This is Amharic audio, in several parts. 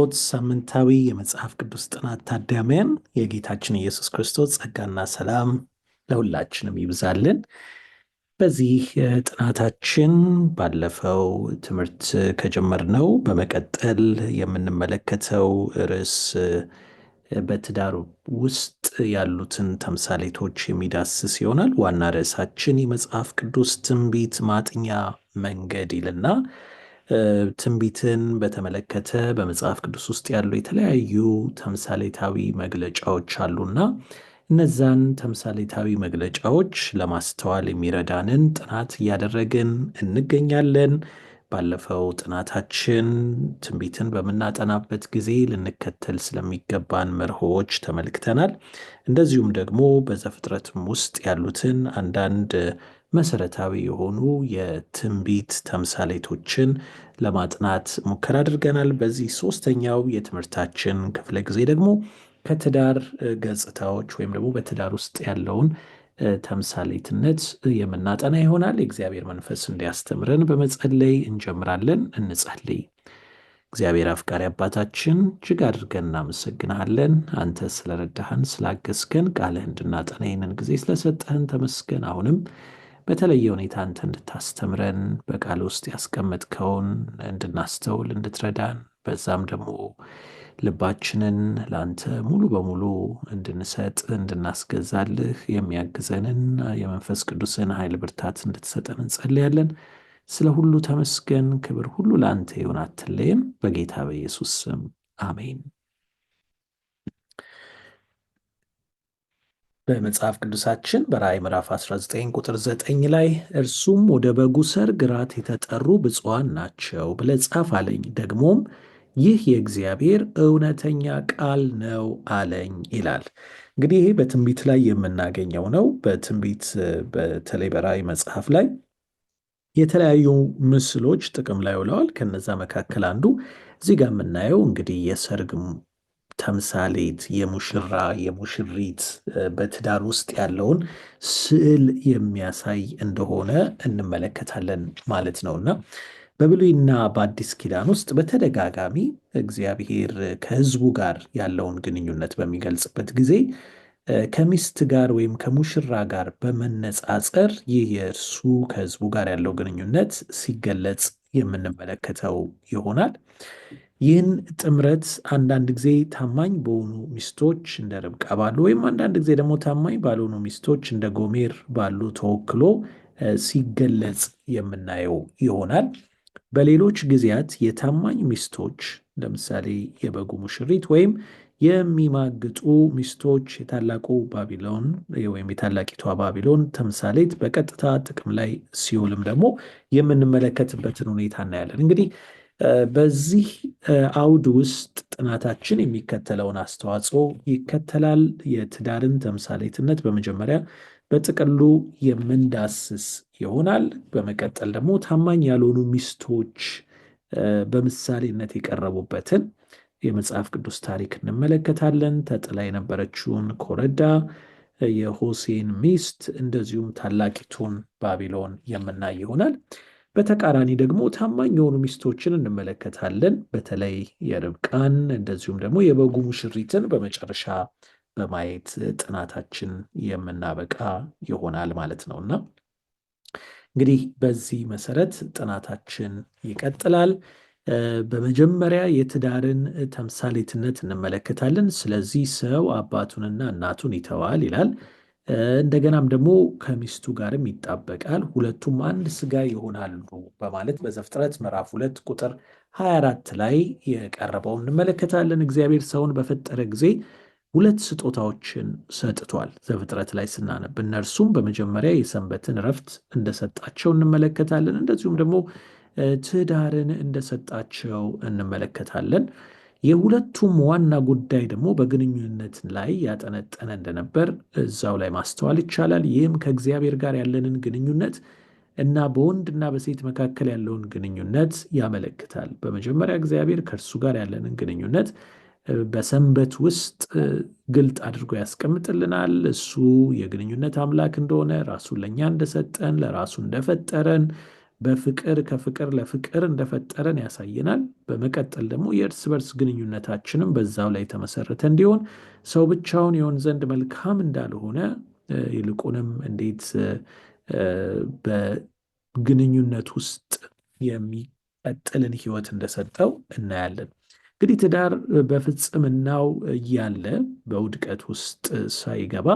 የዶት ሳምንታዊ የመጽሐፍ ቅዱስ ጥናት ታዳሚያን የጌታችን ኢየሱስ ክርስቶስ ጸጋና ሰላም ለሁላችንም ይብዛልን። በዚህ ጥናታችን ባለፈው ትምህርት ከጀመርነው በመቀጠል የምንመለከተው ርዕስ በትዳር ውስጥ ያሉትን ተምሳሌቶች የሚዳስስ ይሆናል። ዋና ርዕሳችን የመጽሐፍ ቅዱስ ትንቢት ማጥኛ መንገድ ይልና ትንቢትን በተመለከተ በመጽሐፍ ቅዱስ ውስጥ ያሉ የተለያዩ ተምሳሌታዊ መግለጫዎች አሉና እነዛን ተምሳሌታዊ መግለጫዎች ለማስተዋል የሚረዳንን ጥናት እያደረግን እንገኛለን። ባለፈው ጥናታችን ትንቢትን በምናጠናበት ጊዜ ልንከተል ስለሚገባን መርሆዎች ተመልክተናል። እንደዚሁም ደግሞ በዘፍጥረትም ውስጥ ያሉትን አንዳንድ መሰረታዊ የሆኑ የትንቢት ተምሳሌቶችን ለማጥናት ሙከራ አድርገናል። በዚህ ሶስተኛው የትምህርታችን ክፍለ ጊዜ ደግሞ ከትዳር ገጽታዎች ወይም ደግሞ በትዳር ውስጥ ያለውን ተምሳሌትነት የምናጠና ይሆናል። የእግዚአብሔር መንፈስ እንዲያስተምረን በመጸለይ እንጀምራለን። እንጸልይ። እግዚአብሔር አፍቃሪ አባታችን እጅግ አድርገን እናመሰግናለን። አንተ ስለረዳህን፣ ስላገዝከን፣ ቃልህ እንድናጠና ይህንን ጊዜ ስለሰጠህን ተመስገን። አሁንም በተለየ ሁኔታ አንተ እንድታስተምረን በቃል ውስጥ ያስቀመጥከውን እንድናስተውል እንድትረዳን በዛም ደግሞ ልባችንን ለአንተ ሙሉ በሙሉ እንድንሰጥ እንድናስገዛልህ የሚያግዘንን የመንፈስ ቅዱስን ኃይል ብርታት እንድትሰጠን እንጸልያለን። ስለ ሁሉ ተመስገን። ክብር ሁሉ ለአንተ ይሁን። አትለየን። በጌታ በኢየሱስ ስም አሜን። በመጽሐፍ ቅዱሳችን በራእይ ምዕራፍ 19 ቁጥር 9 ላይ እርሱም ወደ በጉ ሰርግ ራት የተጠሩ ብፁዓን ናቸው ብለህ ጻፍ አለኝ። ደግሞም ይህ የእግዚአብሔር እውነተኛ ቃል ነው አለኝ ይላል። እንግዲህ ይሄ በትንቢት ላይ የምናገኘው ነው። በትንቢት በተለይ በራእይ መጽሐፍ ላይ የተለያዩ ምስሎች ጥቅም ላይ ውለዋል። ከነዛ መካከል አንዱ እዚህ ጋር የምናየው እንግዲህ የሰርግ ተምሳሌት የሙሽራ የሙሽሪት በትዳር ውስጥ ያለውን ስዕል የሚያሳይ እንደሆነ እንመለከታለን ማለት ነው እና በብሉይና በአዲስ ኪዳን ውስጥ በተደጋጋሚ እግዚአብሔር ከሕዝቡ ጋር ያለውን ግንኙነት በሚገልጽበት ጊዜ ከሚስት ጋር ወይም ከሙሽራ ጋር በመነጻጸር ይህ የእርሱ ከሕዝቡ ጋር ያለው ግንኙነት ሲገለጽ የምንመለከተው ይሆናል። ይህን ጥምረት አንዳንድ ጊዜ ታማኝ በሆኑ ሚስቶች እንደ ርብቃ ባሉ ወይም አንዳንድ ጊዜ ደግሞ ታማኝ ባልሆኑ ሚስቶች እንደ ጎሜር ባሉ ተወክሎ ሲገለጽ የምናየው ይሆናል። በሌሎች ጊዜያት የታማኝ ሚስቶች ለምሳሌ የበጉ ሙሽሪት ወይም የሚማግጡ ሚስቶች የታላቁ ባቢሎን ወይም የታላቂቷ ባቢሎን ተምሳሌት በቀጥታ ጥቅም ላይ ሲውልም ደግሞ የምንመለከትበትን ሁኔታ እናያለን እንግዲህ በዚህ አውድ ውስጥ ጥናታችን የሚከተለውን አስተዋጽኦ ይከተላል። የትዳርን ተምሳሌትነት በመጀመሪያ በጥቅሉ የምንዳስስ ይሆናል። በመቀጠል ደግሞ ታማኝ ያልሆኑ ሚስቶች በምሳሌነት የቀረቡበትን የመጽሐፍ ቅዱስ ታሪክ እንመለከታለን። ተጥላ የነበረችውን ኮረዳ፣ የሆሴን ሚስት እንደዚሁም ታላቂቱን ባቢሎን የምናይ ይሆናል። በተቃራኒ ደግሞ ታማኝ የሆኑ ሚስቶችን እንመለከታለን። በተለይ የርብቃን እንደዚሁም ደግሞ የበጉ ሙሽሪትን በመጨረሻ በማየት ጥናታችን የምናበቃ ይሆናል ማለት ነው እና እንግዲህ በዚህ መሰረት ጥናታችን ይቀጥላል። በመጀመሪያ የትዳርን ተምሳሌትነት እንመለከታለን። ስለዚህ ሰው አባቱንና እናቱን ይተዋል ይላል። እንደገናም ደግሞ ከሚስቱ ጋርም ይጣበቃል፣ ሁለቱም አንድ ስጋ ይሆናሉ በማለት በዘፍጥረት ምዕራፍ ሁለት ቁጥር 24 ላይ የቀረበው እንመለከታለን። እግዚአብሔር ሰውን በፈጠረ ጊዜ ሁለት ስጦታዎችን ሰጥቷል። ዘፍጥረት ላይ ስናነብ እነርሱም በመጀመሪያ የሰንበትን ረፍት እንደሰጣቸው እንመለከታለን። እንደዚሁም ደግሞ ትዳርን እንደሰጣቸው እንመለከታለን። የሁለቱም ዋና ጉዳይ ደግሞ በግንኙነት ላይ ያጠነጠነ እንደነበር እዛው ላይ ማስተዋል ይቻላል። ይህም ከእግዚአብሔር ጋር ያለንን ግንኙነት እና በወንድና በሴት መካከል ያለውን ግንኙነት ያመለክታል። በመጀመሪያ እግዚአብሔር ከእርሱ ጋር ያለንን ግንኙነት በሰንበት ውስጥ ግልጥ አድርጎ ያስቀምጥልናል። እሱ የግንኙነት አምላክ እንደሆነ ራሱን ለእኛ እንደሰጠን፣ ለራሱ እንደፈጠረን በፍቅር ከፍቅር ለፍቅር እንደፈጠረን ያሳየናል። በመቀጠል ደግሞ የእርስ በርስ ግንኙነታችንም በዛው ላይ የተመሰረተ እንዲሆን ሰው ብቻውን የሆን ዘንድ መልካም እንዳልሆነ ይልቁንም እንዴት በግንኙነት ውስጥ የሚቀጥልን ህይወት እንደሰጠው እናያለን። እንግዲህ ትዳር በፍጽምናው እያለ በውድቀት ውስጥ ሳይገባ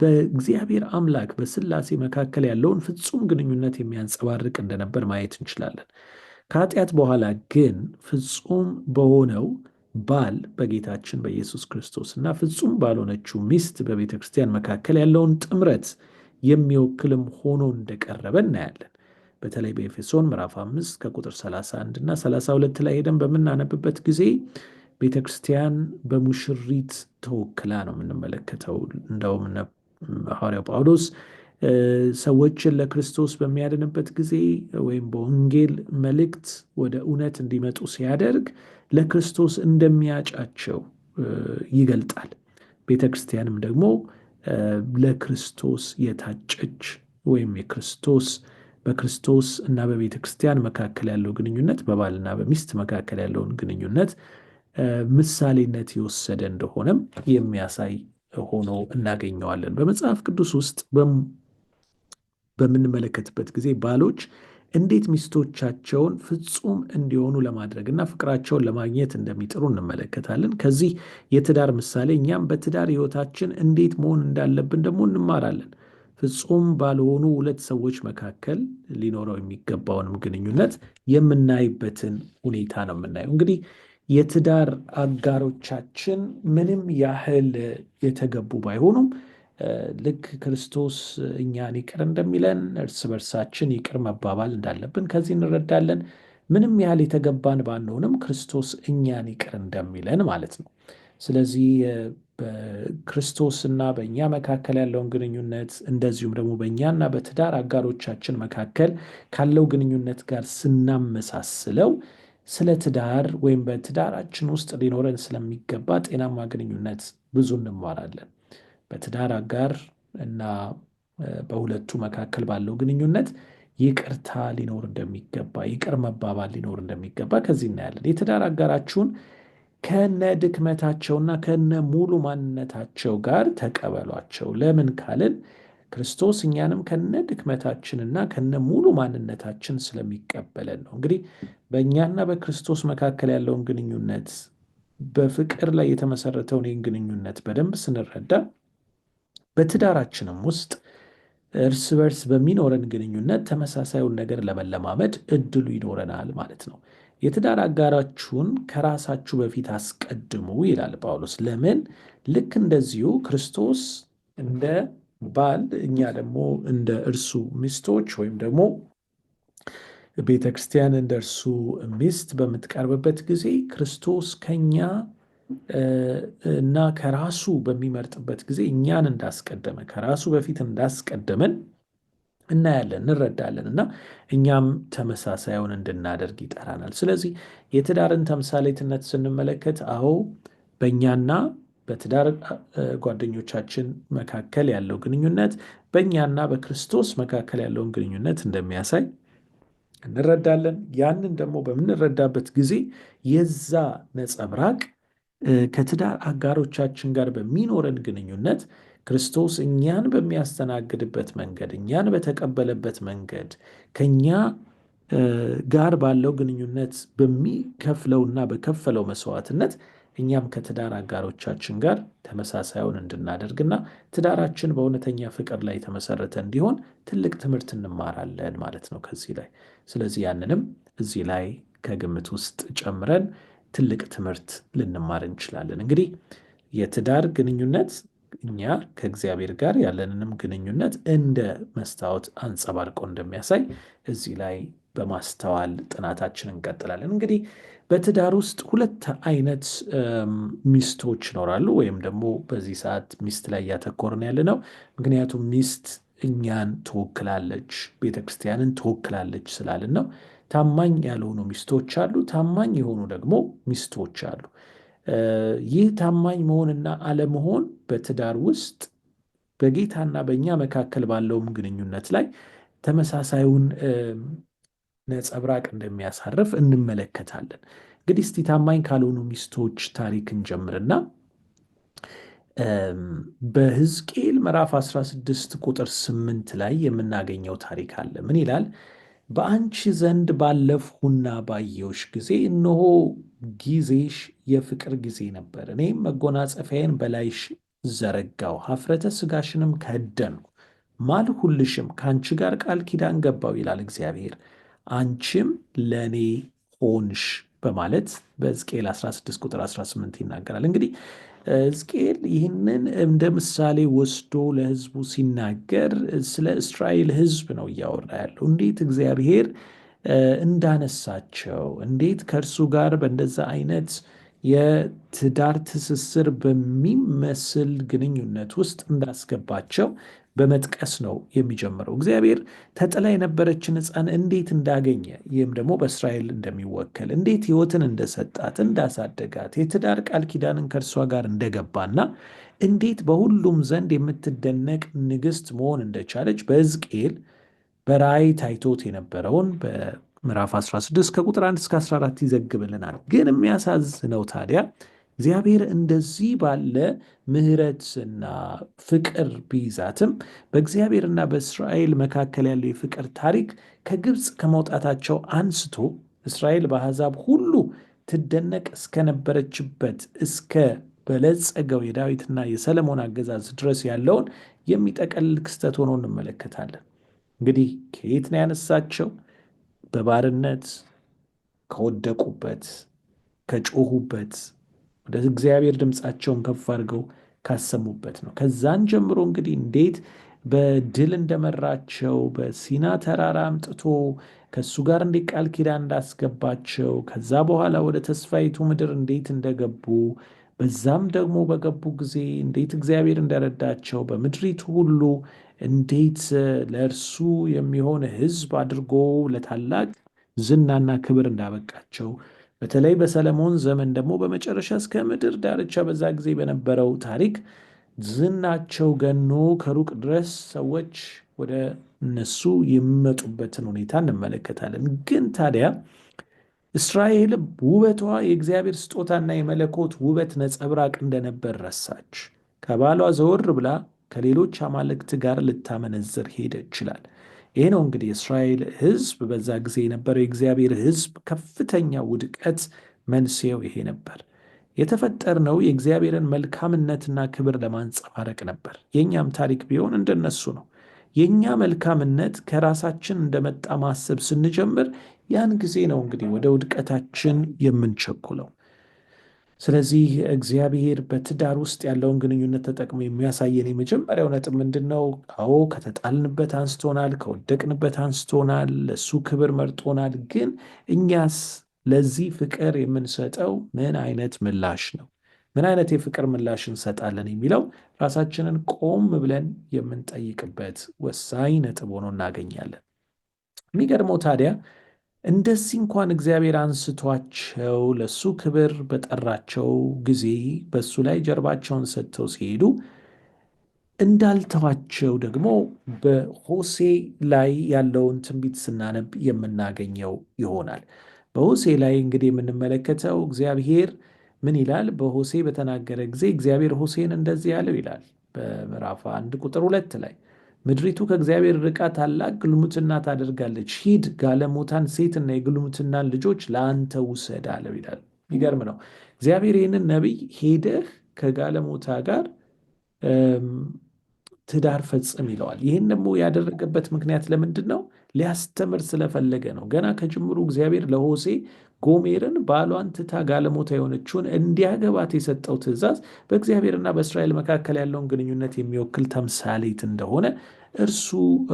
በእግዚአብሔር አምላክ በስላሴ መካከል ያለውን ፍጹም ግንኙነት የሚያንጸባርቅ እንደነበር ማየት እንችላለን። ከኃጢአት በኋላ ግን ፍጹም በሆነው ባል በጌታችን በኢየሱስ ክርስቶስ እና ፍጹም ባልሆነችው ሚስት በቤተ ክርስቲያን መካከል ያለውን ጥምረት የሚወክልም ሆኖ እንደቀረበ እናያለን። በተለይ በኤፌሶን ምዕራፍ 5 ከቁጥር 31 እና 32 ላይ ሄደን በምናነብበት ጊዜ ቤተ ክርስቲያን በሙሽሪት ተወክላ ነው የምንመለከተው። እንደውም ሐዋርያው ጳውሎስ ሰዎችን ለክርስቶስ በሚያድንበት ጊዜ ወይም በወንጌል መልእክት ወደ እውነት እንዲመጡ ሲያደርግ ለክርስቶስ እንደሚያጫቸው ይገልጣል። ቤተ ክርስቲያንም ደግሞ ለክርስቶስ የታጨች ወይም የክርስቶስ በክርስቶስ እና በቤተ ክርስቲያን መካከል ያለው ግንኙነት በባልና በሚስት መካከል ያለውን ግንኙነት ምሳሌነት የወሰደ እንደሆነም የሚያሳይ ሆኖ እናገኘዋለን። በመጽሐፍ ቅዱስ ውስጥ በምንመለከትበት ጊዜ ባሎች እንዴት ሚስቶቻቸውን ፍጹም እንዲሆኑ ለማድረግ እና ፍቅራቸውን ለማግኘት እንደሚጥሩ እንመለከታለን። ከዚህ የትዳር ምሳሌ እኛም በትዳር ሕይወታችን እንዴት መሆን እንዳለብን ደግሞ እንማራለን። ፍጹም ባልሆኑ ሁለት ሰዎች መካከል ሊኖረው የሚገባውንም ግንኙነት የምናይበትን ሁኔታ ነው የምናየው እንግዲህ የትዳር አጋሮቻችን ምንም ያህል የተገቡ ባይሆኑም ልክ ክርስቶስ እኛን ይቅር እንደሚለን እርስ በርሳችን ይቅር መባባል እንዳለብን ከዚህ እንረዳለን። ምንም ያህል የተገባን ባንሆንም ክርስቶስ እኛን ይቅር እንደሚለን ማለት ነው። ስለዚህ በክርስቶስና በእኛ መካከል ያለውን ግንኙነት እንደዚሁም ደግሞ በእኛና በትዳር አጋሮቻችን መካከል ካለው ግንኙነት ጋር ስናመሳስለው ስለ ትዳር ወይም በትዳራችን ውስጥ ሊኖረን ስለሚገባ ጤናማ ግንኙነት ብዙ እንማራለን። በትዳር አጋር እና በሁለቱ መካከል ባለው ግንኙነት ይቅርታ ሊኖር እንደሚገባ፣ ይቅር መባባል ሊኖር እንደሚገባ ከዚህ እናያለን። የትዳር አጋራችሁን ከነ ድክመታቸውና ከነ ሙሉ ማንነታቸው ጋር ተቀበሏቸው። ለምን ካልን ክርስቶስ እኛንም ከነ ድክመታችንና ከነ ሙሉ ማንነታችን ስለሚቀበለን ነው። እንግዲህ በእኛና በክርስቶስ መካከል ያለውን ግንኙነት በፍቅር ላይ የተመሰረተውን ይህን ግንኙነት በደንብ ስንረዳ በትዳራችንም ውስጥ እርስ በርስ በሚኖረን ግንኙነት ተመሳሳዩን ነገር ለመለማመድ እድሉ ይኖረናል ማለት ነው። የትዳር አጋራችሁን ከራሳችሁ በፊት አስቀድሙ ይላል ጳውሎስ። ለምን? ልክ እንደዚሁ ክርስቶስ እንደ ባል እኛ ደግሞ እንደ እርሱ ሚስቶች ወይም ደግሞ ቤተ ክርስቲያን እንደ እርሱ ሚስት በምትቀርብበት ጊዜ ክርስቶስ ከኛ እና ከራሱ በሚመርጥበት ጊዜ እኛን እንዳስቀደመ ከራሱ በፊት እንዳስቀደመን እናያለን፣ እንረዳለን እና እኛም ተመሳሳዩን እንድናደርግ ይጠራናል። ስለዚህ የትዳርን ተምሳሌትነት ስንመለከት አዎ በእኛና በትዳር ጓደኞቻችን መካከል ያለው ግንኙነት በእኛና በክርስቶስ መካከል ያለውን ግንኙነት እንደሚያሳይ እንረዳለን። ያንን ደግሞ በምንረዳበት ጊዜ የዛ ነጸብራቅ ከትዳር አጋሮቻችን ጋር በሚኖረን ግንኙነት ክርስቶስ እኛን በሚያስተናግድበት መንገድ፣ እኛን በተቀበለበት መንገድ ከኛ ጋር ባለው ግንኙነት በሚከፍለውና በከፈለው መስዋዕትነት እኛም ከትዳር አጋሮቻችን ጋር ተመሳሳዩን እንድናደርግና ትዳራችን በእውነተኛ ፍቅር ላይ የተመሰረተ እንዲሆን ትልቅ ትምህርት እንማራለን ማለት ነው ከዚህ ላይ። ስለዚህ ያንንም እዚህ ላይ ከግምት ውስጥ ጨምረን ትልቅ ትምህርት ልንማር እንችላለን። እንግዲህ የትዳር ግንኙነት እኛ ከእግዚአብሔር ጋር ያለንንም ግንኙነት እንደ መስታወት አንጸባርቆ እንደሚያሳይ እዚህ ላይ በማስተዋል ጥናታችን እንቀጥላለን እንግዲህ በትዳር ውስጥ ሁለት አይነት ሚስቶች ይኖራሉ፣ ወይም ደግሞ በዚህ ሰዓት ሚስት ላይ እያተኮርን ያለ ነው። ምክንያቱም ሚስት እኛን ትወክላለች፣ ቤተክርስቲያንን ትወክላለች ስላልን ነው። ታማኝ ያልሆኑ ሚስቶች አሉ፣ ታማኝ የሆኑ ደግሞ ሚስቶች አሉ። ይህ ታማኝ መሆንና አለመሆን በትዳር ውስጥ በጌታና በእኛ መካከል ባለውም ግንኙነት ላይ ተመሳሳዩን ነጸብራቅ እንደሚያሳርፍ እንመለከታለን። እንግዲህ እስቲ ታማኝ ካልሆኑ ሚስቶች ታሪክ እንጀምርና በሕዝቅኤል ምዕራፍ 16 ቁጥር 8 ላይ የምናገኘው ታሪክ አለ። ምን ይላል? በአንቺ ዘንድ ባለፍሁና ባየሁሽ ጊዜ እነሆ ጊዜሽ የፍቅር ጊዜ ነበር። እኔም መጎናጸፊያዬን በላይሽ ዘረጋው፣ ሀፍረተ ስጋሽንም ከደንኩ፣ ማልሁልሽም፣ ከአንቺ ጋር ቃል ኪዳን ገባው ይላል እግዚአብሔር። አንቺም ለእኔ ሆንሽ በማለት በሕዝቅኤል 16 ቁጥር 18 ይናገራል። እንግዲህ ሕዝቅኤል ይህንን እንደ ምሳሌ ወስዶ ለሕዝቡ ሲናገር ስለ እስራኤል ሕዝብ ነው እያወራ ያለው እንዴት እግዚአብሔር እንዳነሳቸው እንዴት ከእርሱ ጋር በእንደዛ አይነት የትዳር ትስስር በሚመስል ግንኙነት ውስጥ እንዳስገባቸው በመጥቀስ ነው የሚጀምረው። እግዚአብሔር ተጥላ የነበረችን ሕፃን እንዴት እንዳገኘ ይህም ደግሞ በእስራኤል እንደሚወከል እንዴት ሕይወትን እንደሰጣት እንዳሳደጋት፣ የትዳር ቃል ኪዳንን ከእርሷ ጋር እንደገባና እንዴት በሁሉም ዘንድ የምትደነቅ ንግሥት መሆን እንደቻለች በሕዝቅኤል በራእይ ታይቶት የነበረውን ምዕራፍ 16 ከቁጥር 1 እስከ 14 ይዘግብልናል። ግን የሚያሳዝነው ታዲያ እግዚአብሔር እንደዚህ ባለ ምሕረትና ፍቅር ቢይዛትም በእግዚአብሔርና በእስራኤል መካከል ያለው የፍቅር ታሪክ ከግብፅ ከመውጣታቸው አንስቶ እስራኤል በአሕዛብ ሁሉ ትደነቅ እስከነበረችበት እስከ በለጸገው የዳዊትና የሰለሞን አገዛዝ ድረስ ያለውን የሚጠቀልል ክስተት ሆኖ እንመለከታለን። እንግዲህ ከየት ነው ያነሳቸው? በባርነት ከወደቁበት ከጮሁበት ወደ እግዚአብሔር ድምፃቸውን ከፍ አድርገው ካሰሙበት ነው። ከዛን ጀምሮ እንግዲህ እንዴት በድል እንደመራቸው በሲና ተራራ አምጥቶ ከእሱ ጋር እንዴት ቃል ኪዳን እንዳስገባቸው ከዛ በኋላ ወደ ተስፋይቱ ምድር እንዴት እንደገቡ በዛም ደግሞ በገቡ ጊዜ እንዴት እግዚአብሔር እንደረዳቸው በምድሪቱ ሁሉ እንዴት ለእርሱ የሚሆን ሕዝብ አድርጎ ለታላቅ ዝናና ክብር እንዳበቃቸው በተለይ በሰለሞን ዘመን ደግሞ በመጨረሻ እስከ ምድር ዳርቻ በዛ ጊዜ በነበረው ታሪክ ዝናቸው ገኖ ከሩቅ ድረስ ሰዎች ወደ እነሱ የሚመጡበትን ሁኔታ እንመለከታለን። ግን ታዲያ እስራኤል ውበቷ የእግዚአብሔር ስጦታና የመለኮት ውበት ነጸብራቅ እንደነበር ረሳች። ከባሏ ዘወር ብላ ከሌሎች አማልክት ጋር ልታመነዝር ሄደ ይችላል። ይህ ነው እንግዲህ የእስራኤል ሕዝብ በዛ ጊዜ የነበረው የእግዚአብሔር ሕዝብ ከፍተኛ ውድቀት መንስኤው ይሄ ነበር። የተፈጠርነው የእግዚአብሔርን መልካምነትና ክብር ለማንጸባረቅ ነበር። የእኛም ታሪክ ቢሆን እንደነሱ ነው። የእኛ መልካምነት ከራሳችን እንደመጣ ማሰብ ስንጀምር ያን ጊዜ ነው እንግዲህ ወደ ውድቀታችን የምንቸኩለው። ስለዚህ እግዚአብሔር በትዳር ውስጥ ያለውን ግንኙነት ተጠቅሞ የሚያሳየን የመጀመሪያው ነጥብ ምንድን ነው? አዎ ከተጣልንበት አንስቶናል፣ ከወደቅንበት አንስቶናል፣ ለእሱ ክብር መርጦናል። ግን እኛስ ለዚህ ፍቅር የምንሰጠው ምን አይነት ምላሽ ነው? ምን አይነት የፍቅር ምላሽ እንሰጣለን የሚለው ራሳችንን ቆም ብለን የምንጠይቅበት ወሳኝ ነጥብ ሆኖ እናገኛለን። የሚገርመው ታዲያ እንደዚህ እንኳን እግዚአብሔር አንስቷቸው ለእሱ ክብር በጠራቸው ጊዜ በእሱ ላይ ጀርባቸውን ሰጥተው ሲሄዱ እንዳልተዋቸው ደግሞ በሆሴ ላይ ያለውን ትንቢት ስናነብ የምናገኘው ይሆናል። በሆሴ ላይ እንግዲህ የምንመለከተው እግዚአብሔር ምን ይላል? በሆሴ በተናገረ ጊዜ እግዚአብሔር ሆሴን እንደዚህ ያለው ይላል በምዕራፍ አንድ ቁጥር ሁለት ላይ ምድሪቱ ከእግዚአብሔር ርቃ ታላቅ ግልሙትና ታደርጋለች። ሂድ ጋለሞታን ሴትና የግልሙትናን ልጆች ለአንተ ውሰድ አለው ይላል። ይገርም ነው። እግዚአብሔር ይህንን ነቢይ ሄደህ ከጋለሞታ ጋር ትዳር ፈጽም ይለዋል። ይህን ደግሞ ያደረገበት ምክንያት ለምንድን ነው? ሊያስተምር ስለፈለገ ነው። ገና ከጅምሩ እግዚአብሔር ለሆሴ ጎሜርን ባሏን ትታ ጋለሞታ የሆነችውን እንዲያገባት የሰጠው ትእዛዝ በእግዚአብሔርና በእስራኤል መካከል ያለውን ግንኙነት የሚወክል ተምሳሌት እንደሆነ እርሱ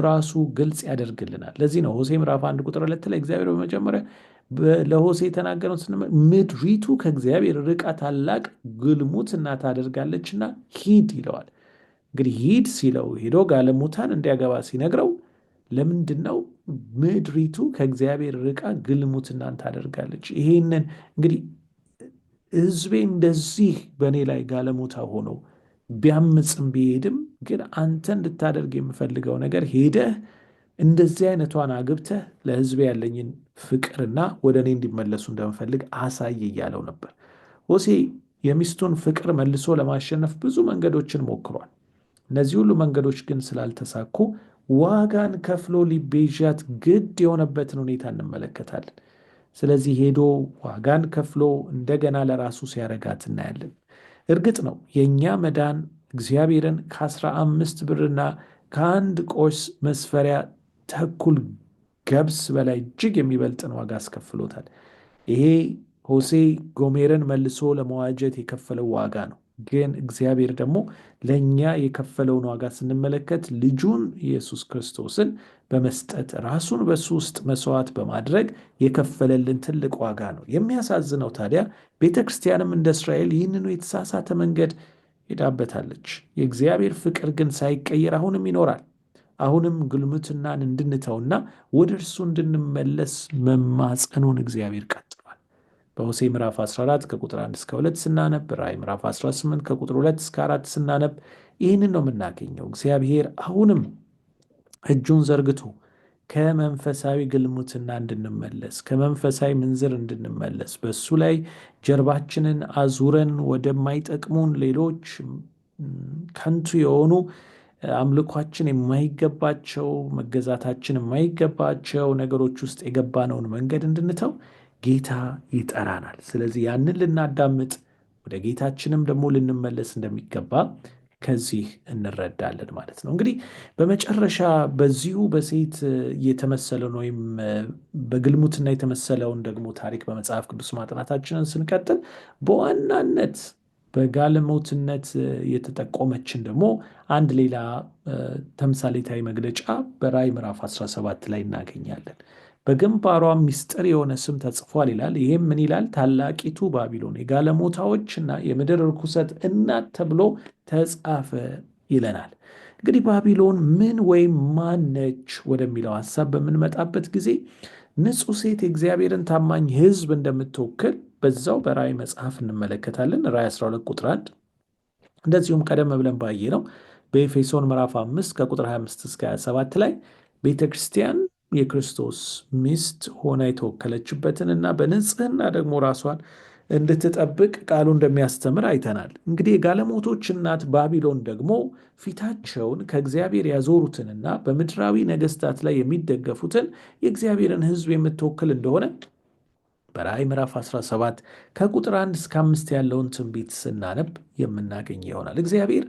ራሱ ግልጽ ያደርግልናል። ለዚህ ነው ሆሴ ምዕራፍ አንድ ቁጥር ሁለት ላይ እግዚአብሔር በመጀመሪያ ለሆሴ የተናገረው ምድሪቱ ከእግዚአብሔር ርቃ ታላቅ ግልሙትና ታደርጋለችና ሂድ ይለዋል። እንግዲህ ሂድ ሲለው ሄዶ ጋለሞታን እንዲያገባ ሲነግረው ለምንድን ነው ምድሪቱ ከእግዚአብሔር ርቃ ግልሙትናን ታደርጋለች? ይሄንን እንግዲህ ህዝቤ እንደዚህ በእኔ ላይ ጋለሞታ ሆኖ ቢያምፅም ቢሄድም ግን አንተ እንድታደርግ የምፈልገው ነገር ሄደህ እንደዚህ አይነቷን አግብተህ ለህዝቤ ያለኝን ፍቅርና ወደ እኔ እንዲመለሱ እንደምፈልግ አሳይ እያለው ነበር። ሆሴ የሚስቱን ፍቅር መልሶ ለማሸነፍ ብዙ መንገዶችን ሞክሯል። እነዚህ ሁሉ መንገዶች ግን ስላልተሳኩ ዋጋን ከፍሎ ሊቤዣት ግድ የሆነበትን ሁኔታ እንመለከታለን። ስለዚህ ሄዶ ዋጋን ከፍሎ እንደገና ለራሱ ሲያረጋት እናያለን። እርግጥ ነው የእኛ መዳን እግዚአብሔርን ከአስራ አምስት ብርና ከአንድ ቆስ መስፈሪያ ተኩል ገብስ በላይ እጅግ የሚበልጥን ዋጋ አስከፍሎታል። ይሄ ሆሴ ጎሜርን መልሶ ለመዋጀት የከፈለው ዋጋ ነው። ግን እግዚአብሔር ደግሞ ለእኛ የከፈለውን ዋጋ ስንመለከት ልጁን ኢየሱስ ክርስቶስን በመስጠት ራሱን በሱ ውስጥ መስዋዕት በማድረግ የከፈለልን ትልቅ ዋጋ ነው። የሚያሳዝነው ታዲያ ቤተ ክርስቲያንም እንደ እስራኤል ይህንኑ የተሳሳተ መንገድ ሄዳበታለች። የእግዚአብሔር ፍቅር ግን ሳይቀየር አሁንም ይኖራል። አሁንም ግልሙትናን እንድንተውና ወደ እርሱ እንድንመለስ መማጸኑን እግዚአብሔር ቃል በሆሴ ምዕራፍ 14 ከቁጥር 1 እስከ 2 ስናነብ፣ ራእይ ምዕራፍ 18 ከቁጥር 2 እስከ 4 ስናነብ ይህንን ነው የምናገኘው። እግዚአብሔር አሁንም እጁን ዘርግቶ ከመንፈሳዊ ግልሙትና እንድንመለስ ከመንፈሳዊ ምንዝር እንድንመለስ በእሱ ላይ ጀርባችንን አዙረን ወደማይጠቅሙን ሌሎች ከንቱ የሆኑ አምልኳችን የማይገባቸው መገዛታችን የማይገባቸው ነገሮች ውስጥ የገባነውን መንገድ እንድንተው ጌታ ይጠራናል። ስለዚህ ያንን ልናዳምጥ ወደ ጌታችንም ደግሞ ልንመለስ እንደሚገባ ከዚህ እንረዳለን ማለት ነው። እንግዲህ በመጨረሻ በዚሁ በሴት የተመሰለውን ወይም በግልሙትና የተመሰለውን ደግሞ ታሪክ በመጽሐፍ ቅዱስ ማጥናታችንን ስንቀጥል በዋናነት በጋለሞትነት የተጠቆመችን ደግሞ አንድ ሌላ ተምሳሌታዊ መግለጫ በራእይ ምዕራፍ 17 ላይ እናገኛለን። በግንባሯ ምስጢር የሆነ ስም ተጽፏል ይላል። ይህም ምን ይላል? ታላቂቱ ባቢሎን የጋለሞታዎችና የምድር ርኩሰት እናት ተብሎ ተጻፈ ይለናል። እንግዲህ ባቢሎን ምን ወይም ማን ነች ወደሚለው ሀሳብ በምንመጣበት ጊዜ ንጹሕ ሴት የእግዚአብሔርን ታማኝ ሕዝብ እንደምትወክል በዛው በራእይ መጽሐፍ እንመለከታለን። ራእይ 12 ቁጥር 1 እንደዚሁም ቀደም ብለን ባየ ነው በኤፌሶን ምዕራፍ 5 ከቁጥር 25 እስከ 27 ላይ ቤተክርስቲያን የክርስቶስ ሚስት ሆና የተወከለችበትን እና በንጽህና ደግሞ ራሷን እንድትጠብቅ ቃሉ እንደሚያስተምር አይተናል። እንግዲህ የጋለሞቶች እናት ባቢሎን ደግሞ ፊታቸውን ከእግዚአብሔር ያዞሩትንና በምድራዊ ነገስታት ላይ የሚደገፉትን የእግዚአብሔርን ሕዝብ የምትወክል እንደሆነ በራእይ ምዕራፍ 17 ከቁጥር 1 እስከ 5 ያለውን ትንቢት ስናነብ የምናገኝ ይሆናል። እግዚአብሔር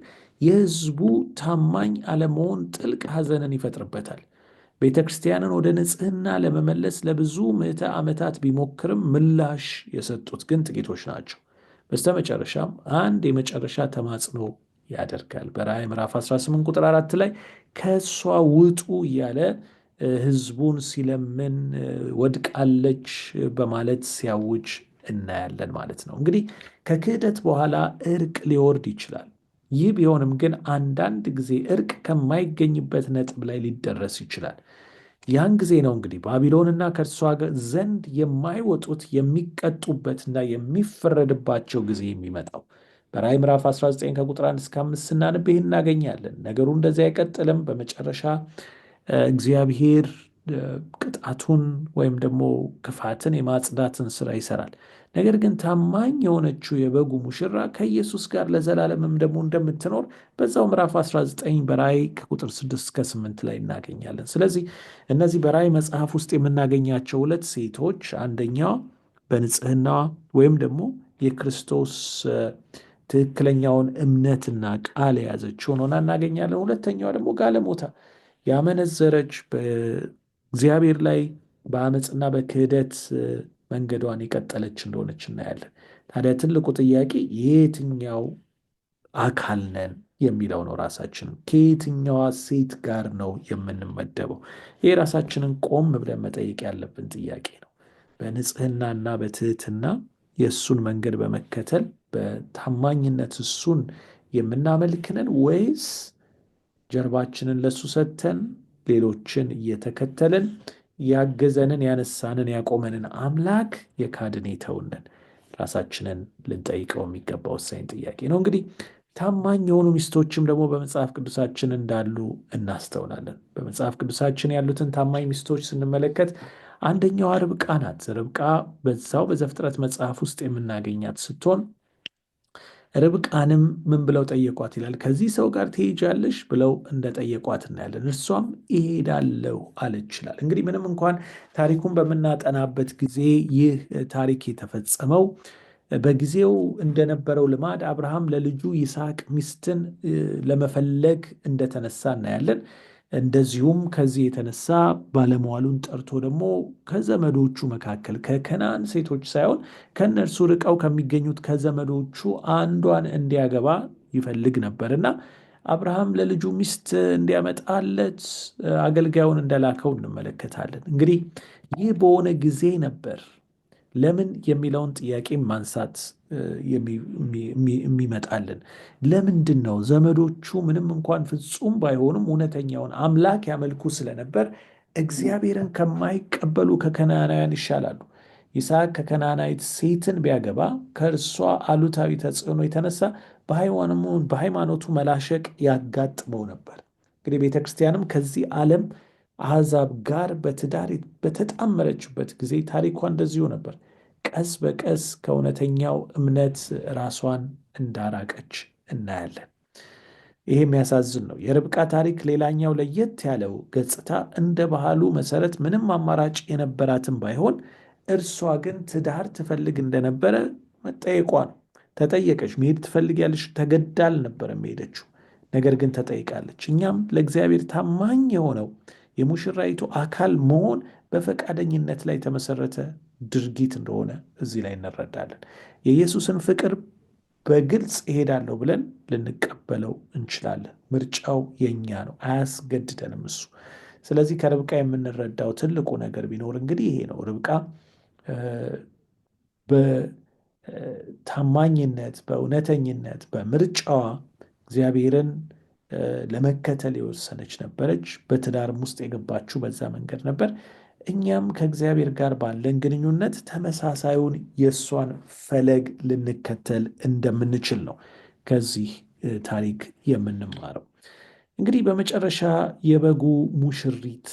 የሕዝቡ ታማኝ አለመሆን ጥልቅ ሐዘንን ይፈጥርበታል። ቤተ ክርስቲያንን ወደ ንጽህና ለመመለስ ለብዙ ምዕተ ዓመታት ቢሞክርም ምላሽ የሰጡት ግን ጥቂቶች ናቸው። በስተመጨረሻም አንድ የመጨረሻ ተማጽኖ ያደርጋል። በራእይ ምዕራፍ 18 ቁጥር 4 ላይ ከእሷ ውጡ እያለ ህዝቡን ሲለምን ወድቃለች በማለት ሲያውጅ እናያለን ማለት ነው። እንግዲህ ከክህደት በኋላ እርቅ ሊወርድ ይችላል። ይህ ቢሆንም ግን አንዳንድ ጊዜ እርቅ ከማይገኝበት ነጥብ ላይ ሊደረስ ይችላል። ያን ጊዜ ነው እንግዲህ ባቢሎንና ከእርሷ ዘንድ የማይወጡት የሚቀጡበትና የሚፈረድባቸው ጊዜ የሚመጣው። በራዕይ ምዕራፍ 19 ከቁጥር 1 እስከ 5 ስናነብ ይህን እናገኛለን። ነገሩ እንደዚህ አይቀጥልም። በመጨረሻ እግዚአብሔር ቅጣቱን ወይም ደግሞ ክፋትን የማጽዳትን ስራ ይሰራል። ነገር ግን ታማኝ የሆነችው የበጉ ሙሽራ ከኢየሱስ ጋር ለዘላለምም ደግሞ እንደምትኖር በዛው ምዕራፍ 19 በራእይ ከቁጥር 6 እስከ 8 ላይ እናገኛለን። ስለዚህ እነዚህ በራእይ መጽሐፍ ውስጥ የምናገኛቸው ሁለት ሴቶች አንደኛዋ በንጽህናዋ ወይም ደግሞ የክርስቶስ ትክክለኛውን እምነትና ቃል የያዘች ሆኖና እናገኛለን። ሁለተኛዋ ደግሞ ጋለሞታ ያመነዘረች፣ በእግዚአብሔር ላይ በአመፅና በክህደት መንገዷን የቀጠለች እንደሆነች እናያለን። ታዲያ ትልቁ ጥያቄ የየትኛው አካል ነን የሚለው ነው። ራሳችን ከየትኛዋ ሴት ጋር ነው የምንመደበው? ይህ ራሳችንን ቆም ብለን መጠየቅ ያለብን ጥያቄ ነው። በንጽህናና በትህትና የእሱን መንገድ በመከተል በታማኝነት እሱን የምናመልክንን ወይስ ጀርባችንን ለእሱ ሰጥተን ሌሎችን እየተከተልን ያገዘንን ያነሳንን ያቆመንን አምላክ የካድን የተውንን ራሳችንን ልንጠይቀው የሚገባ ወሳኝ ጥያቄ ነው። እንግዲህ ታማኝ የሆኑ ሚስቶችም ደግሞ በመጽሐፍ ቅዱሳችን እንዳሉ እናስተውላለን። በመጽሐፍ ቅዱሳችን ያሉትን ታማኝ ሚስቶች ስንመለከት አንደኛዋ ርብቃ ናት። ርብቃ በዛው በዘፍጥረት መጽሐፍ ውስጥ የምናገኛት ስትሆን ርብቃንም ምን ብለው ጠየቋት ይላል። ከዚህ ሰው ጋር ትሄጃለሽ ብለው እንደጠየቋት እናያለን። እርሷም ይሄዳለሁ አለች ይላል። እንግዲህ ምንም እንኳን ታሪኩን በምናጠናበት ጊዜ ይህ ታሪክ የተፈጸመው በጊዜው እንደነበረው ልማድ አብርሃም ለልጁ ይስሐቅ ሚስትን ለመፈለግ እንደተነሳ እናያለን። እንደዚሁም ከዚህ የተነሳ ባለመዋሉን ጠርቶ ደግሞ ከዘመዶቹ መካከል ከከናን ሴቶች ሳይሆን ከእነርሱ ርቀው ከሚገኙት ከዘመዶቹ አንዷን እንዲያገባ ይፈልግ ነበርና አብርሃም ለልጁ ሚስት እንዲያመጣለት አገልጋዩን እንደላከው እንመለከታለን። እንግዲህ ይህ በሆነ ጊዜ ነበር ለምን የሚለውን ጥያቄ ማንሳት የሚመጣልን ለምንድን ነው? ዘመዶቹ ምንም እንኳን ፍጹም ባይሆኑም እውነተኛውን አምላክ ያመልኩ ስለነበር እግዚአብሔርን ከማይቀበሉ ከከናናውያን ይሻላሉ። ይስሐቅ ከከናናዊት ሴትን ቢያገባ ከእርሷ አሉታዊ ተጽዕኖ የተነሳ በሃይማኖቱ መላሸቅ ያጋጥመው ነበር። እንግዲህ ቤተ ክርስቲያንም ከዚህ ዓለም አሕዛብ ጋር በትዳር በተጣመረችበት ጊዜ ታሪኳ እንደዚሁ ነበር። ቀስ በቀስ ከእውነተኛው እምነት ራሷን እንዳራቀች እናያለን። ይህ የሚያሳዝን ነው። የርብቃ ታሪክ ሌላኛው ለየት ያለው ገጽታ እንደ ባህሉ መሰረት ምንም አማራጭ የነበራትም ባይሆን እርሷ ግን ትዳር ትፈልግ እንደነበረ መጠየቋ ነው። ተጠየቀች። መሄድ ትፈልጊያለሽ? ተገዳ አልነበረም የሄደችው፣ ነገር ግን ተጠይቃለች። እኛም ለእግዚአብሔር ታማኝ የሆነው የሙሽራይቱ አካል መሆን በፈቃደኝነት ላይ ተመሰረተ ድርጊት እንደሆነ እዚህ ላይ እንረዳለን። የኢየሱስን ፍቅር በግልጽ እሄዳለሁ ብለን ልንቀበለው እንችላለን። ምርጫው የኛ ነው፣ አያስገድደንም እሱ። ስለዚህ ከርብቃ የምንረዳው ትልቁ ነገር ቢኖር እንግዲህ ይሄ ነው። ርብቃ በታማኝነት በእውነተኝነት፣ በምርጫዋ እግዚአብሔርን ለመከተል የወሰነች ነበረች። በትዳርም ውስጥ የገባችው በዛ መንገድ ነበር። እኛም ከእግዚአብሔር ጋር ባለን ግንኙነት ተመሳሳዩን የእሷን ፈለግ ልንከተል እንደምንችል ነው ከዚህ ታሪክ የምንማረው። እንግዲህ በመጨረሻ የበጉ ሙሽሪት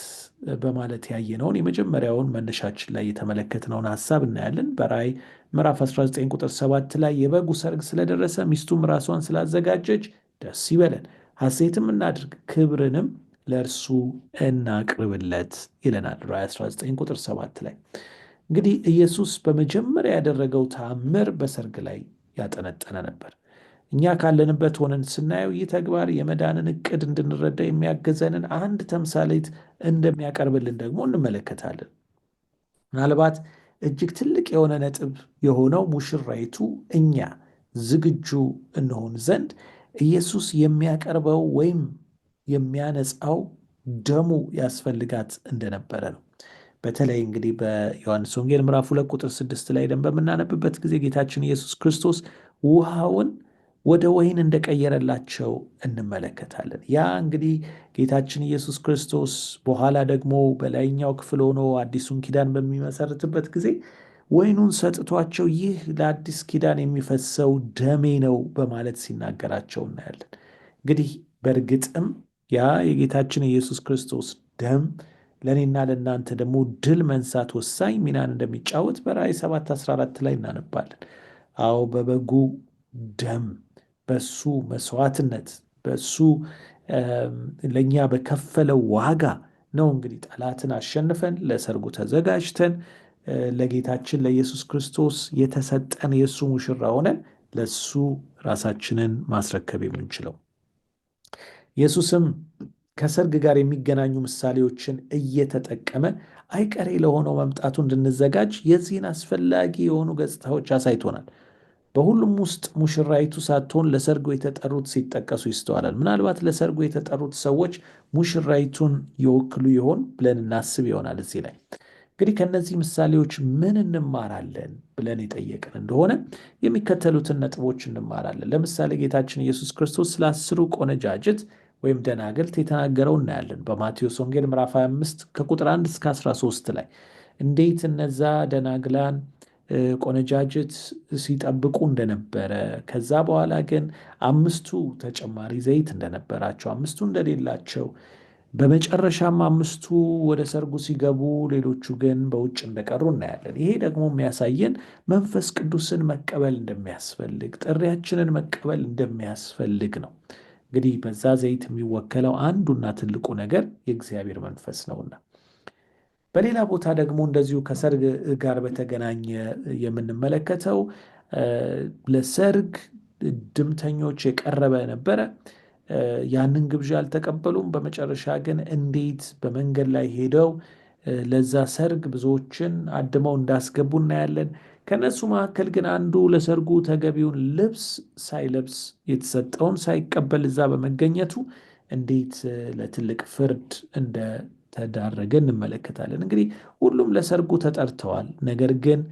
በማለት ያየነውን የመጀመሪያውን መነሻችን ላይ የተመለከትነውን ሀሳብ እናያለን። በራእይ ምዕራፍ 19 ቁጥር 7 ላይ የበጉ ሰርግ ስለደረሰ ሚስቱም ራሷን ስላዘጋጀች ደስ ይበለን፣ ሐሴትም እናድርግ፣ ክብርንም ለእርሱ እናቅርብለት ይለናል ራዕይ 19 ቁጥር 7 ላይ። እንግዲህ ኢየሱስ በመጀመሪያ ያደረገው ተአምር በሰርግ ላይ ያጠነጠነ ነበር። እኛ ካለንበት ሆነን ስናየው ይህ ተግባር የመዳንን እቅድ እንድንረዳ የሚያገዘንን አንድ ተምሳሌት እንደሚያቀርብልን ደግሞ እንመለከታለን። ምናልባት እጅግ ትልቅ የሆነ ነጥብ የሆነው ሙሽራይቱ እኛ ዝግጁ እንሆን ዘንድ ኢየሱስ የሚያቀርበው ወይም የሚያነጻው ደሙ ያስፈልጋት እንደነበረ ነው። በተለይ እንግዲህ በዮሐንስ ወንጌል ምዕራፍ ሁለት ቁጥር ስድስት ላይ ደን በምናነብበት ጊዜ ጌታችን ኢየሱስ ክርስቶስ ውሃውን ወደ ወይን እንደቀየረላቸው እንመለከታለን። ያ እንግዲህ ጌታችን ኢየሱስ ክርስቶስ በኋላ ደግሞ በላይኛው ክፍል ሆኖ አዲሱን ኪዳን በሚመሰርትበት ጊዜ ወይኑን ሰጥቷቸው ይህ ለአዲስ ኪዳን የሚፈሰው ደሜ ነው በማለት ሲናገራቸው እናያለን። እንግዲህ በእርግጥም ያ የጌታችን ኢየሱስ ክርስቶስ ደም ለእኔና ለእናንተ ደግሞ ድል መንሳት ወሳኝ ሚናን እንደሚጫወት በራእይ 7 14 ላይ እናነባለን። አዎ በበጉ ደም በሱ መስዋዕትነት በሱ ለእኛ በከፈለው ዋጋ ነው እንግዲህ ጠላትን አሸንፈን ለሰርጉ ተዘጋጅተን ለጌታችን ለኢየሱስ ክርስቶስ የተሰጠን የእሱ ሙሽራ ሆነን ለእሱ ራሳችንን ማስረከብ የምንችለው። ኢየሱስም ከሰርግ ጋር የሚገናኙ ምሳሌዎችን እየተጠቀመ አይቀሬ ለሆነው መምጣቱ እንድንዘጋጅ የዚህን አስፈላጊ የሆኑ ገጽታዎች አሳይቶናል። በሁሉም ውስጥ ሙሽራይቱ ሳትሆን ለሰርጉ የተጠሩት ሲጠቀሱ ይስተዋላል። ምናልባት ለሰርጉ የተጠሩት ሰዎች ሙሽራይቱን ይወክሉ ይሆን ብለን እናስብ ይሆናል። እዚህ ላይ እንግዲህ ከእነዚህ ምሳሌዎች ምን እንማራለን ብለን የጠየቅን እንደሆነ የሚከተሉትን ነጥቦች እንማራለን። ለምሳሌ ጌታችን ኢየሱስ ክርስቶስ ስለ አስሩ ቆነጃጅት ወይም ደናግልት የተናገረው እናያለን በማቴዎስ ወንጌል ምዕራፍ 25 ከቁጥር 1 እስከ 13 ላይ እንዴት እነዛ ደናግላን ቆነጃጅት ሲጠብቁ እንደነበረ ከዛ በኋላ ግን አምስቱ ተጨማሪ ዘይት እንደነበራቸው አምስቱ እንደሌላቸው በመጨረሻም አምስቱ ወደ ሰርጉ ሲገቡ ሌሎቹ ግን በውጭ እንደቀሩ እናያለን። ይሄ ደግሞ የሚያሳየን መንፈስ ቅዱስን መቀበል እንደሚያስፈልግ ጥሪያችንን መቀበል እንደሚያስፈልግ ነው። እንግዲህ በዛ ዘይት የሚወከለው አንዱና ትልቁ ነገር የእግዚአብሔር መንፈስ ነውና። በሌላ ቦታ ደግሞ እንደዚሁ ከሰርግ ጋር በተገናኘ የምንመለከተው ለሰርግ ድምተኞች የቀረበ ነበረ። ያንን ግብዣ አልተቀበሉም። በመጨረሻ ግን እንዴት በመንገድ ላይ ሄደው ለዛ ሰርግ ብዙዎችን አድመው እንዳስገቡ እናያለን። ከእነሱ መካከል ግን አንዱ ለሰርጉ ተገቢውን ልብስ ሳይለብስ የተሰጠውን ሳይቀበል እዛ በመገኘቱ እንዴት ለትልቅ ፍርድ እንደተዳረገ እንመለከታለን። እንግዲህ ሁሉም ለሰርጉ ተጠርተዋል። ነገር ግን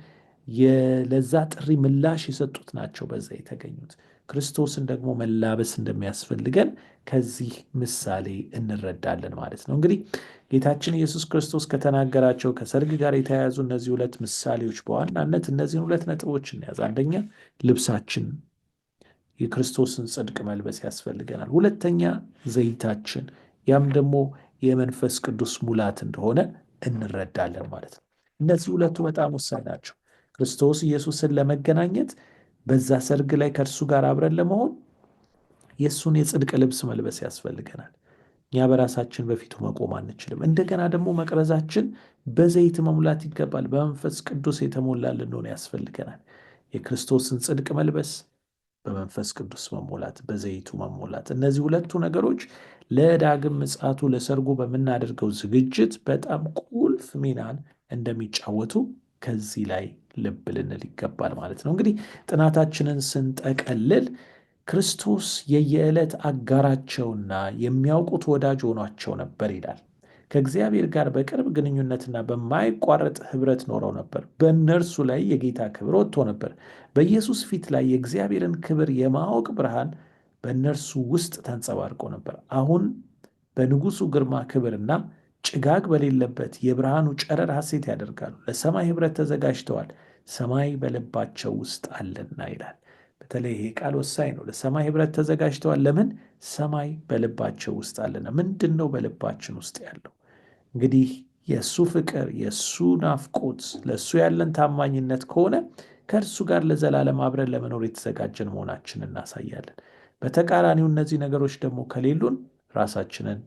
ለዛ ጥሪ ምላሽ የሰጡት ናቸው በዛ የተገኙት። ክርስቶስን ደግሞ መላበስ እንደሚያስፈልገን ከዚህ ምሳሌ እንረዳለን ማለት ነው። እንግዲህ ጌታችን ኢየሱስ ክርስቶስ ከተናገራቸው ከሰርግ ጋር የተያያዙ እነዚህ ሁለት ምሳሌዎች በዋናነት እነዚህን ሁለት ነጥቦች እንያዝ። አንደኛ ልብሳችን የክርስቶስን ጽድቅ መልበስ ያስፈልገናል። ሁለተኛ ዘይታችን፣ ያም ደግሞ የመንፈስ ቅዱስ ሙላት እንደሆነ እንረዳለን ማለት ነው። እነዚህ ሁለቱ በጣም ወሳኝ ናቸው። ክርስቶስ ኢየሱስን ለመገናኘት በዛ ሰርግ ላይ ከእርሱ ጋር አብረን ለመሆን የእሱን የጽድቅ ልብስ መልበስ ያስፈልገናል። እኛ በራሳችን በፊቱ መቆም አንችልም። እንደገና ደግሞ መቅረዛችን በዘይት መሙላት ይገባል። በመንፈስ ቅዱስ የተሞላ ልንሆን ያስፈልገናል። የክርስቶስን ጽድቅ መልበስ፣ በመንፈስ ቅዱስ መሞላት፣ በዘይቱ መሞላት፣ እነዚህ ሁለቱ ነገሮች ለዳግም ምጽአቱ ለሰርጉ በምናደርገው ዝግጅት በጣም ቁልፍ ሚናን እንደሚጫወቱ ከዚህ ላይ ልብ ልንል ይገባል ማለት ነው። እንግዲህ ጥናታችንን ስንጠቀልል ክርስቶስ የየዕለት አጋራቸውና የሚያውቁት ወዳጅ ሆኗቸው ነበር ይላል። ከእግዚአብሔር ጋር በቅርብ ግንኙነትና በማይቋረጥ ኅብረት ኖረው ነበር። በእነርሱ ላይ የጌታ ክብር ወጥቶ ነበር። በኢየሱስ ፊት ላይ የእግዚአብሔርን ክብር የማወቅ ብርሃን በእነርሱ ውስጥ ተንጸባርቆ ነበር። አሁን በንጉሡ ግርማ ክብርና ጭጋግ በሌለበት የብርሃኑ ጨረር ሐሴት ያደርጋሉ። ለሰማይ ኅብረት ተዘጋጅተዋል። ሰማይ በልባቸው ውስጥ አለና ይላል። በተለይ ይሄ ቃል ወሳኝ ነው። ለሰማይ ህብረት ተዘጋጅተዋል። ለምን? ሰማይ በልባቸው ውስጥ አለና። ምንድን ነው በልባችን ውስጥ ያለው? እንግዲህ የእሱ ፍቅር፣ የእሱ ናፍቆት፣ ለእሱ ያለን ታማኝነት ከሆነ ከእርሱ ጋር ለዘላለም አብረን ለመኖር የተዘጋጀን መሆናችን እናሳያለን። በተቃራኒው እነዚህ ነገሮች ደግሞ ከሌሉን ራሳችንን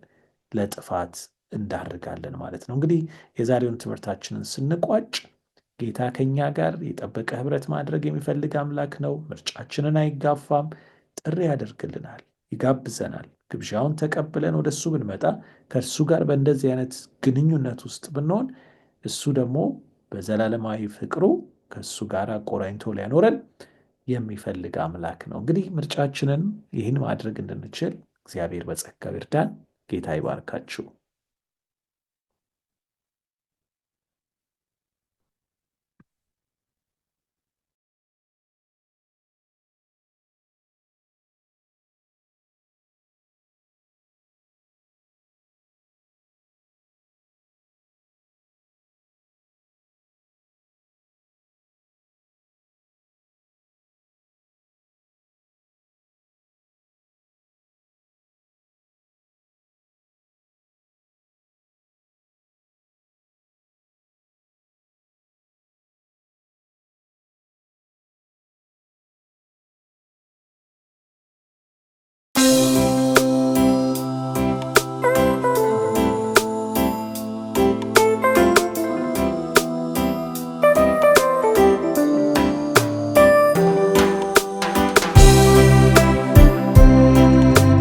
ለጥፋት እንዳርጋለን ማለት ነው። እንግዲህ የዛሬውን ትምህርታችንን ስንቋጭ ጌታ ከኛ ጋር የጠበቀ ህብረት ማድረግ የሚፈልግ አምላክ ነው። ምርጫችንን አይጋፋም። ጥሪ ያደርግልናል፣ ይጋብዘናል። ግብዣውን ተቀብለን ወደ እሱ ብንመጣ ከእርሱ ጋር በእንደዚህ አይነት ግንኙነት ውስጥ ብንሆን እሱ ደግሞ በዘላለማዊ ፍቅሩ ከእሱ ጋር አቆራኝቶ ሊያኖረን የሚፈልግ አምላክ ነው። እንግዲህ ምርጫችንን ይህን ማድረግ እንድንችል እግዚአብሔር በጸጋው ይርዳን። ጌታ ይባርካችሁ።